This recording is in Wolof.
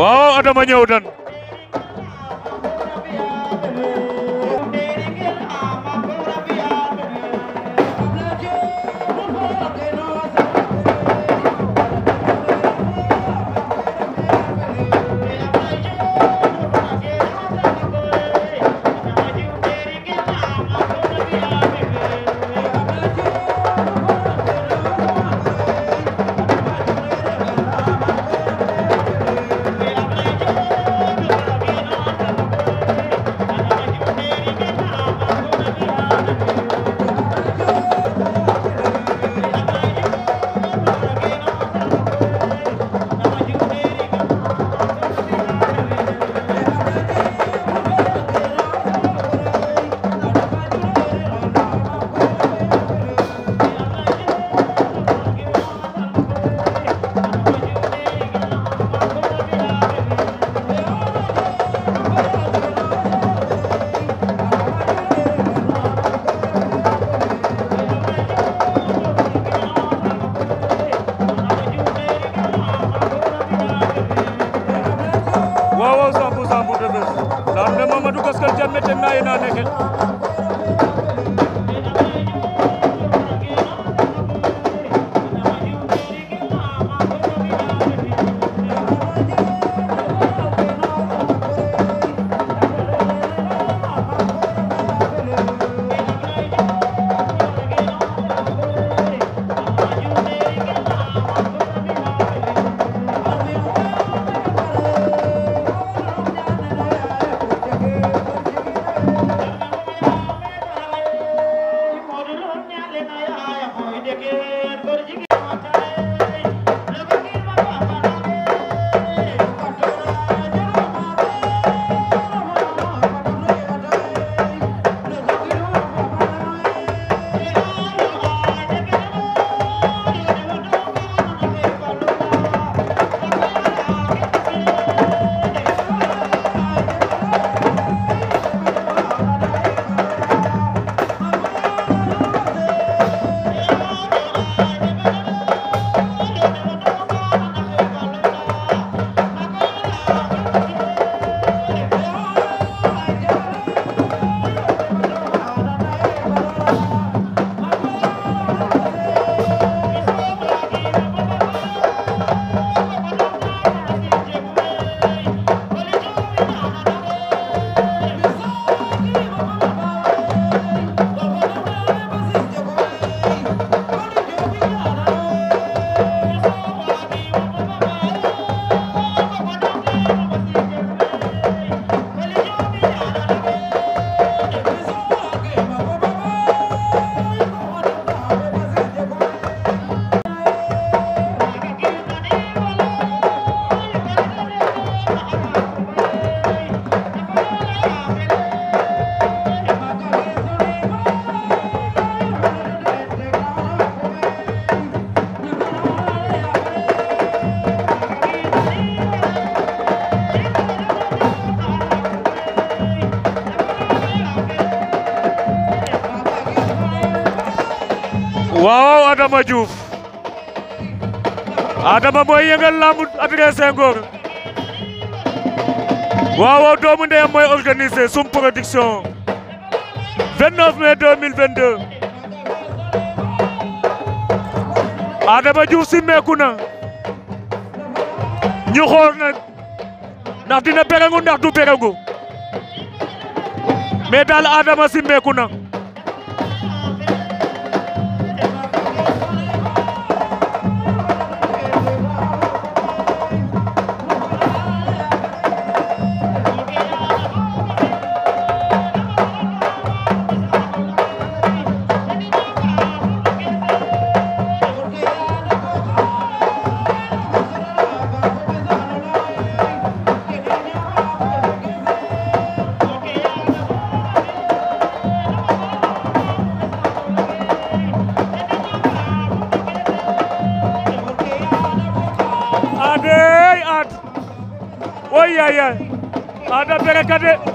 Wow, ada banyak udang. Amadou Gaskell Diagne metemna ye na neke waaw Adama Diouf Adama mooy yëngal lamb adressé ngor waaw waaw doomu ndeyam mooy organiser sum production 29 mai 2022 Adama Diouf si meeku na ñu xool nag ndax dina berengu ndax du berengu mais daal Adama si meeku na आया आधा पेरा